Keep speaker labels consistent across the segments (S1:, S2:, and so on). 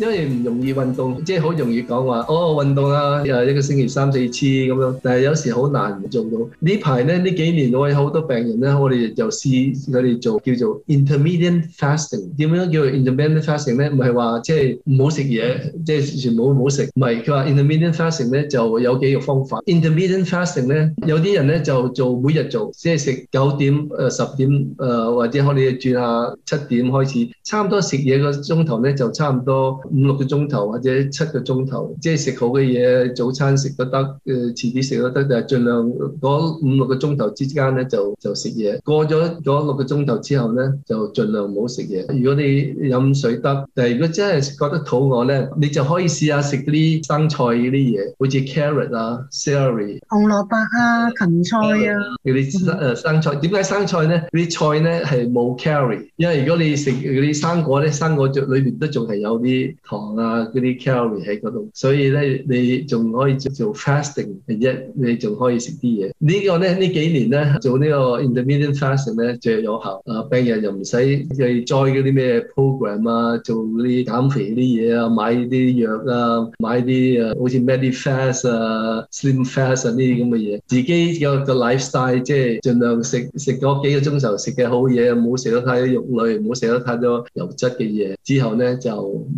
S1: 因為唔容易運動，即係好容易講話哦運動啦，又一個星期三四次咁樣，但係有時好難做到。呢排咧呢幾年我有好多病人咧，我哋就試我哋做叫做 intermediate fasting。點樣叫做 intermediate fasting 咧？唔係話即係唔好食嘢，即係全部唔好食。唔係佢話 intermediate fasting 咧就有幾個方法。intermediate fasting 咧有啲人咧就做每日做，即係食九點誒十點誒、呃、或者可能轉下七點開始，差唔多食嘢個鐘頭咧就差唔多。五六個鐘頭或者七個鐘頭，即係食好嘅嘢，早餐食都得，誒遲啲食都得，但係儘量嗰五六個鐘頭之間咧就就食嘢。過咗咗六個鐘頭之後咧，就儘量唔好食嘢。如果你飲水得，但係如果真係覺得肚餓咧，你就可以試下食啲生菜呢啲嘢，好似 carrot 啊 celery
S2: 紅蘿蔔啊，芹菜
S1: 啊，嗰啲誒生菜。點解生菜咧？嗰啲菜咧係冇 carb，因為如果你食嗰啲生果咧，生果就裏邊都仲係有啲。糖啊，嗰啲 calorie 喺嗰度，所以咧你仲可以做，做 fasting，一你仲可以食啲嘢，呢個、呢個咧呢幾年咧做呢個呢個 intermittent fasting 咧最有效。啊病人又唔使嘅 join 嗰啲咩 program 啊，做嗰啲減肥啲嘢啊，買啲藥啊，買啲啊好似 Medifast 啊，slim fast 啊呢啲咁嘅嘢，自己有個 lifestyle 即係盡量食食咗幾個鐘頭食嘅好嘢，唔好食得太多肉類，唔好食得太多油脂嘅嘢，之後咧就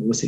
S1: 冇食。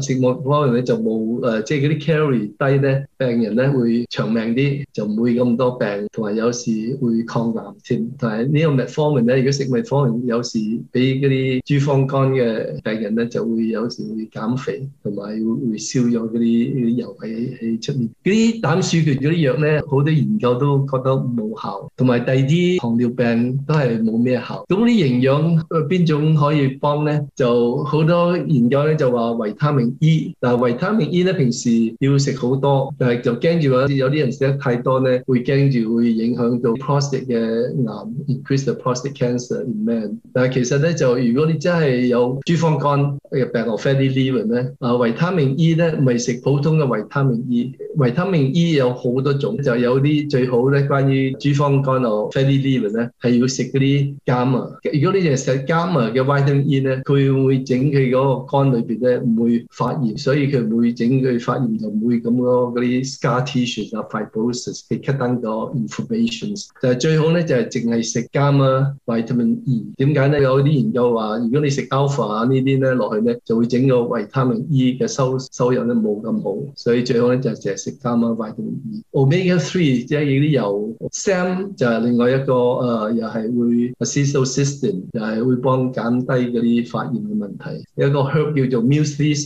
S1: 食物方面咧就冇誒、呃，即係嗰啲 carry 低咧，病人咧會長命啲，就唔會咁多病，同埋有，有時會抗癌添。但係呢個 metformin 咧，如果食 metformin 有時俾嗰啲脂肪肝嘅病人咧，就會有時會減肥，同埋會燒咗嗰啲油喺出面。嗰啲膽鼠權嗰啲藥咧，好多研究都覺得冇效，同埋第二啲糖尿病都係冇咩效。咁啲營養邊種可以幫咧？就好多研究咧就話維他。E, 但維他命 E，但係維他命 E 咧平時要食好多，但係就驚住有啲人食得太多咧，會驚住會影響到 prostate 嘅癌，increase the prostate cancer in man。但係其實咧就如果你真係有脂肪肝嘅病 or fatty liver 咧，啊維他命 E 咧咪食普通嘅維他命 E，維他命 E 有好多種，就有啲最好咧關於脂肪肝 or fatty liver 咧係要食嗰啲 gamma。如果你淨係食 gamma 嘅 vitamin E 咧，佢會整佢嗰個肝裏邊咧唔會發炎，所以佢會整佢發炎就唔會咁多嗰啲 scar tissue 啊、fibrosis，佢 cut down 個 inflammations。但最好咧就係淨係食 gamma、維他命 E。點解咧，有啲研究話如果你食 alpha 這些呢啲咧落去咧就會整個維他命 E 嘅收收入咧冇咁好，所以最好咧就係淨係食 gamma、維他命 E。Omega three 即係嗰啲油，SAM 就係另外一個誒、呃，又係會 assist the system，又係會幫減低嗰啲發炎嘅問題。有一個 herb 叫做 mistletoe。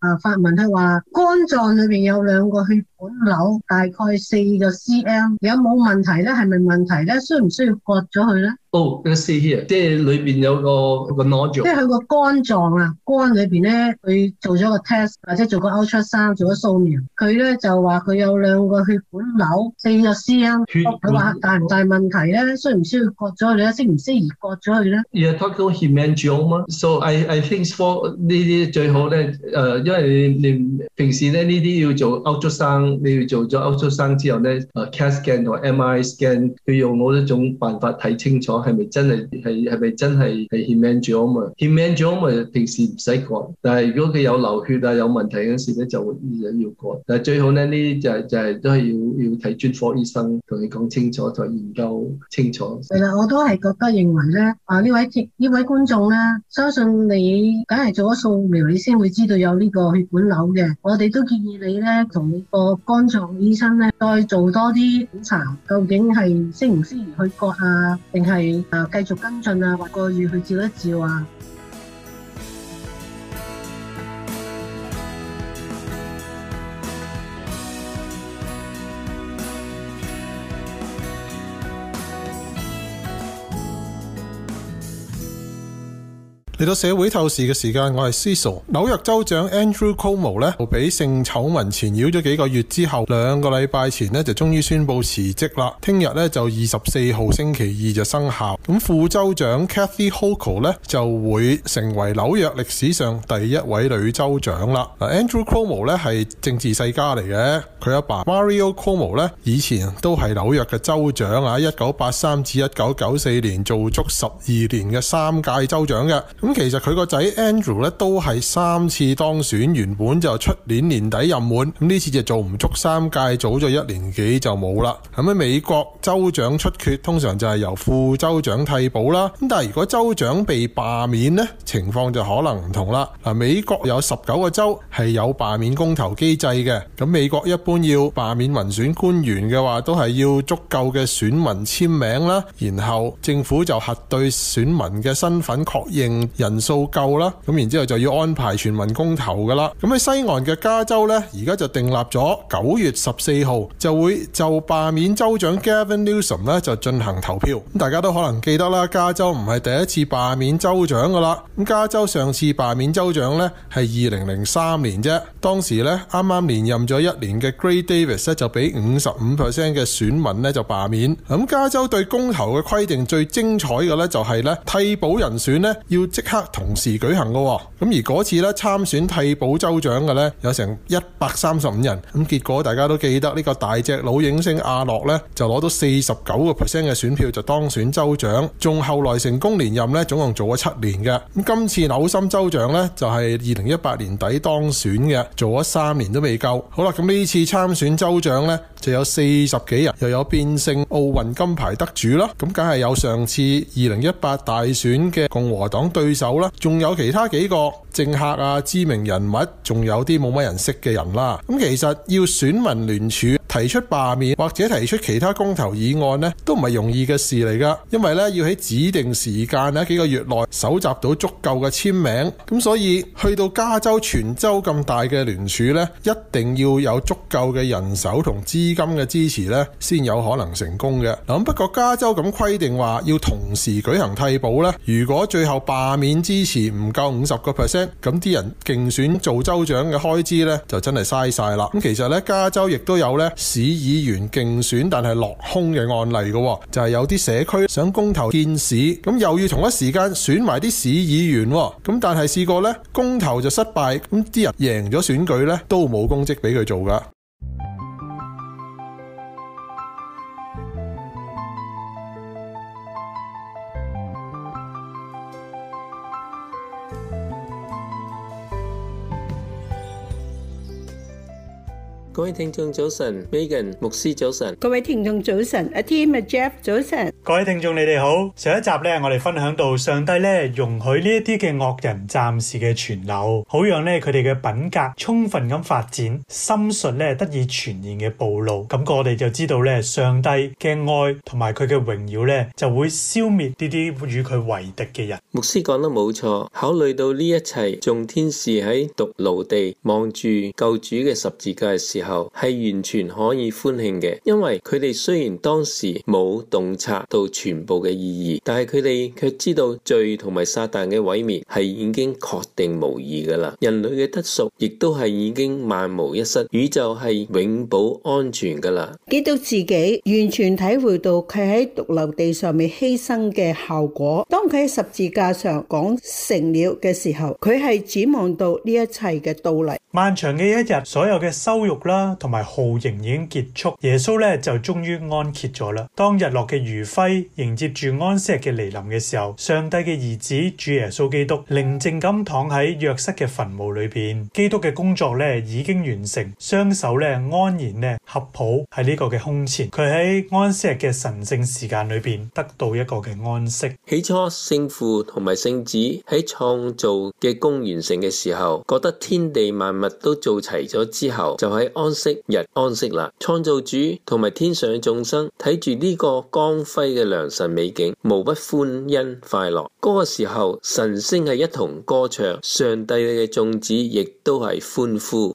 S2: 誒，發文係話肝臟裏邊有兩個血管瘤大概四個 cm，有冇問題咧？係咪問題咧？需唔需要割咗佢咧？
S1: 哦，睇 see here，即係裏邊有個個 nodule，即係佢
S2: 個肝臟啊，肝裏邊咧佢做咗個 test 或者做個 ultrasound 做咗掃描，佢咧就話佢有兩個血管瘤，四個 cm，佢話大唔大，大問題咧？需唔需要割咗佢？你適唔適宜割咗佢咧
S1: ？You talk about hemangioma? So I I think for 呢啲最好咧，誒、uh，因為你，你，你平時咧呢啲要做 ultrasound。你要做咗歐洲生之後咧，啊，CT scan 同 MRI scan，佢用好多種辦法睇清楚，係咪真係，係咪真係係 hemangioma 啊嘛？hemangioma 咪平時唔使割，但係如果佢有流血啊，有問題嗰時咧，就會要割。但係最好咧，呢啲就係就係都係要要睇專科醫生同你講清楚，再研究清楚。
S2: 其實，我都係覺得認為咧，啊呢位呢位觀眾咧，相信你梗係做咗掃描，你先會知道有呢個血管瘤嘅。我哋都建議你咧，同呢個肝臟醫生呢，再做多啲檢查，究竟係適唔適宜去割啊，定係繼續跟進啊，或者去照一照啊？
S3: 嚟到社會透視嘅時間，我係 Ciso。紐約州長 Andrew Cuomo 咧，就俾性醜聞纏繞咗幾個月之後，兩個禮拜前咧就終於宣布辭職啦。聽日咧就二十四號星期二就生效。咁副州長 Kathy Hochul 咧就會成為紐約歷史上第一位女州長啦。嗱，Andrew Cuomo 咧係政治世家嚟嘅，佢阿爸，爸 Mario Cuomo 咧以前都係紐約嘅州長啊，一九八三至一九九四年做足十二年嘅三屆州長嘅。咁其實佢個仔 Andrew 咧都係三次當選，原本就出年年底任滿，咁呢次就做唔足三屆，早咗一年幾就冇啦。咁喺美國州長出缺，通常就係由副州長替補啦。咁但係如果州長被罷免呢，情況就可能唔同啦。嗱，美國有十九個州係有罷免公投機制嘅。咁美國一般要罷免民選官員嘅話，都係要足夠嘅選民簽名啦，然後政府就核對選民嘅身份確認。人數夠啦，咁然之後就要安排全民公投噶啦。咁喺西岸嘅加州呢，而家就定立咗九月十四號就會就罷免州長 Gavin Newsom 呢就進行投票。咁大家都可能記得啦，加州唔係第一次罷免州長噶啦。咁加州上次罷免州長呢係二零零三年啫，當時呢，啱啱連任咗一年嘅 Gray Davis 呢就俾五十五 percent 嘅選民呢就罷免。咁加州對公投嘅規定最精彩嘅呢就係、是、呢，替補人選呢要即刻同時舉行嘅、哦，咁而嗰次咧參選替補州長嘅咧有成一百三十五人，咁結果大家都記得呢、這個大隻佬影星阿諾咧就攞到四十九個 percent 嘅選票就當選州長，仲後來成功連任呢，總共做咗七年嘅，咁今次扭心州長呢，就係二零一八年底當選嘅，做咗三年都未夠。好啦，咁呢次參選州長呢，就有四十幾人，又有變性奧運金牌得主啦，咁梗係有上次二零一八大選嘅共和黨對。走啦，仲有其他幾個政客啊、知名人物，仲有啲冇乜人識嘅人啦。咁其實要選民聯署提出罷免或者提出其他公投議案呢，都唔係容易嘅事嚟噶。因為咧，要喺指定時間咧幾個月內搜集到足夠嘅簽名，咁所以去到加州全州咁大嘅聯署呢，一定要有足夠嘅人手同資金嘅支持呢，先有可能成功嘅。咁不過加州咁規定話要同時舉行替補呢，如果最後罷免。支持唔夠五十個 percent，咁啲人競選做州長嘅開支咧，就真係嘥晒。啦。咁其實咧，加州亦都有咧市議員競選，但係落空嘅案例㗎喎。就係有啲社區想公投建市，咁又要同一時間選埋啲市議員喎，咁但係試過咧公投就失敗，咁啲人贏咗選舉咧都冇公職俾佢做噶。
S4: 聽眾早晨，Megan 牧師早晨，
S2: 各位聽眾早晨，阿 Tim 阿 Jeff 早晨，
S5: 各位聽眾你哋好。上一集咧，我哋分享到上帝咧容許呢一啲嘅惡人暫時嘅存留，好讓咧佢哋嘅品格充分咁發展，心術咧得以全然嘅暴露。咁我哋就知道咧，上帝嘅愛同埋佢嘅榮耀咧就會消滅呢啲與佢為敵嘅人。
S4: 牧師講得冇錯，考慮到呢一切，眾天使喺獨牢地望住救主嘅十字架嘅時候。係完全可以歡慶嘅，因為佢哋雖然當時冇洞察到全部嘅意義，但係佢哋卻知道罪同埋撒旦嘅毀滅係已經確定無疑噶啦，人類嘅得贖亦都係已經萬無一失，宇宙係永保安全噶啦。
S2: 基督自己完全體會到佢喺髑髏地上面犧牲嘅效果，當佢喺十字架上講成了嘅時候，佢係展望到呢一切嘅
S5: 到嚟，漫長嘅一日，所有嘅羞辱啦。同埋酷刑已經結束，耶穌咧，就終於安歇咗啦。當日落嘅餘暉迎接住安息嘅來臨嘅時候，上帝嘅兒子主耶穌基督寧靜咁躺喺約瑟嘅墳墓裏邊。基督嘅工作咧，已經完成，雙手咧，安然咧，合抱喺呢個嘅胸前。佢喺安息嘅神聖時間裏邊得到一個嘅安息。起初
S4: 聖父同埋聖子喺創造嘅工完成嘅時候，覺得天地萬物都做齊咗之後，就喺安。日安息啦。創造主同埋天上眾生睇住呢個光輝嘅良辰美景，無不歡欣快樂嗰、那個時候，晨星係一同歌唱，上帝嘅眾子亦都係歡呼。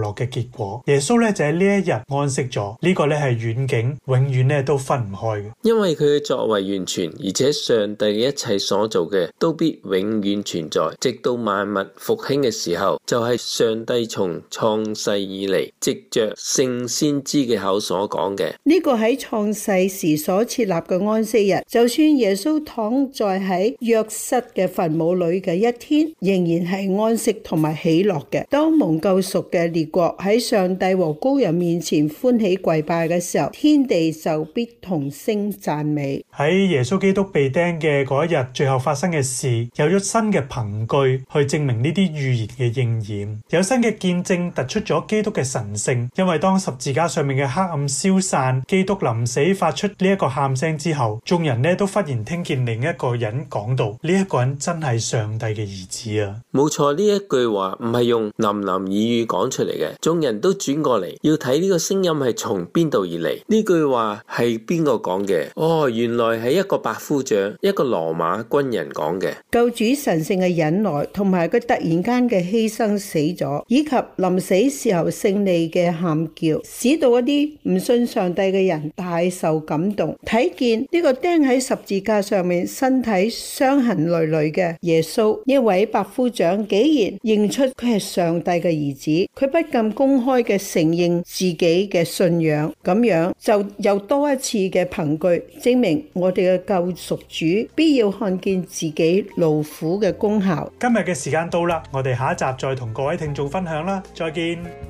S5: 落嘅結果，耶穌咧就喺呢一日安息咗。呢個咧係遠景，永遠咧都分唔開嘅，
S4: 因為佢嘅作為完全而且上帝嘅一切所做嘅，都必永遠存在，直到萬物復興嘅時候，就係、是、上帝從創世以嚟藉着聖先知嘅口所講嘅。
S2: 呢、這個喺創世時所設立嘅安息日，就算耶穌躺在喺約瑟嘅墳墓裏嘅一天，仍然係安息同埋喜樂嘅。當蒙救贖嘅列國喺上帝和高人面前歡喜跪拜嘅時候，天地受必同聲讚美。
S5: 喺耶穌基督被釘嘅嗰一日，最後發生嘅事，有咗新嘅憑據去證明呢啲預言嘅應驗，有新嘅見證突出咗基督嘅神聖。因為當十字架上面嘅黑暗消散，基督臨死發出呢一個喊聲之後，眾人呢都忽然聽見另一個人講道。呢一個人真係上帝嘅兒子
S4: 啊！冇錯，呢一句話唔係用喃喃耳語講出嚟。眾人都轉過嚟要睇呢個聲音係從邊度而嚟？呢句話係邊個講嘅？哦，原來係一個百夫長，一個羅馬軍人講嘅。
S2: 救主神聖嘅忍耐，同埋佢突然間嘅犧牲死咗，以及臨死時候勝利嘅喊叫，使到一啲唔信上帝嘅人大受感動。睇見呢個釘喺十字架上面，身體傷痕累累嘅耶穌，一位百夫長竟然認出佢係上帝嘅兒子，佢不。咁公開嘅承認自己嘅信仰，咁樣就又多一次嘅憑據，證明我哋嘅救贖主必要看見自己勞苦嘅功效。
S5: 今日嘅時間到啦，我哋下一集再同各位聽眾分享啦，再見。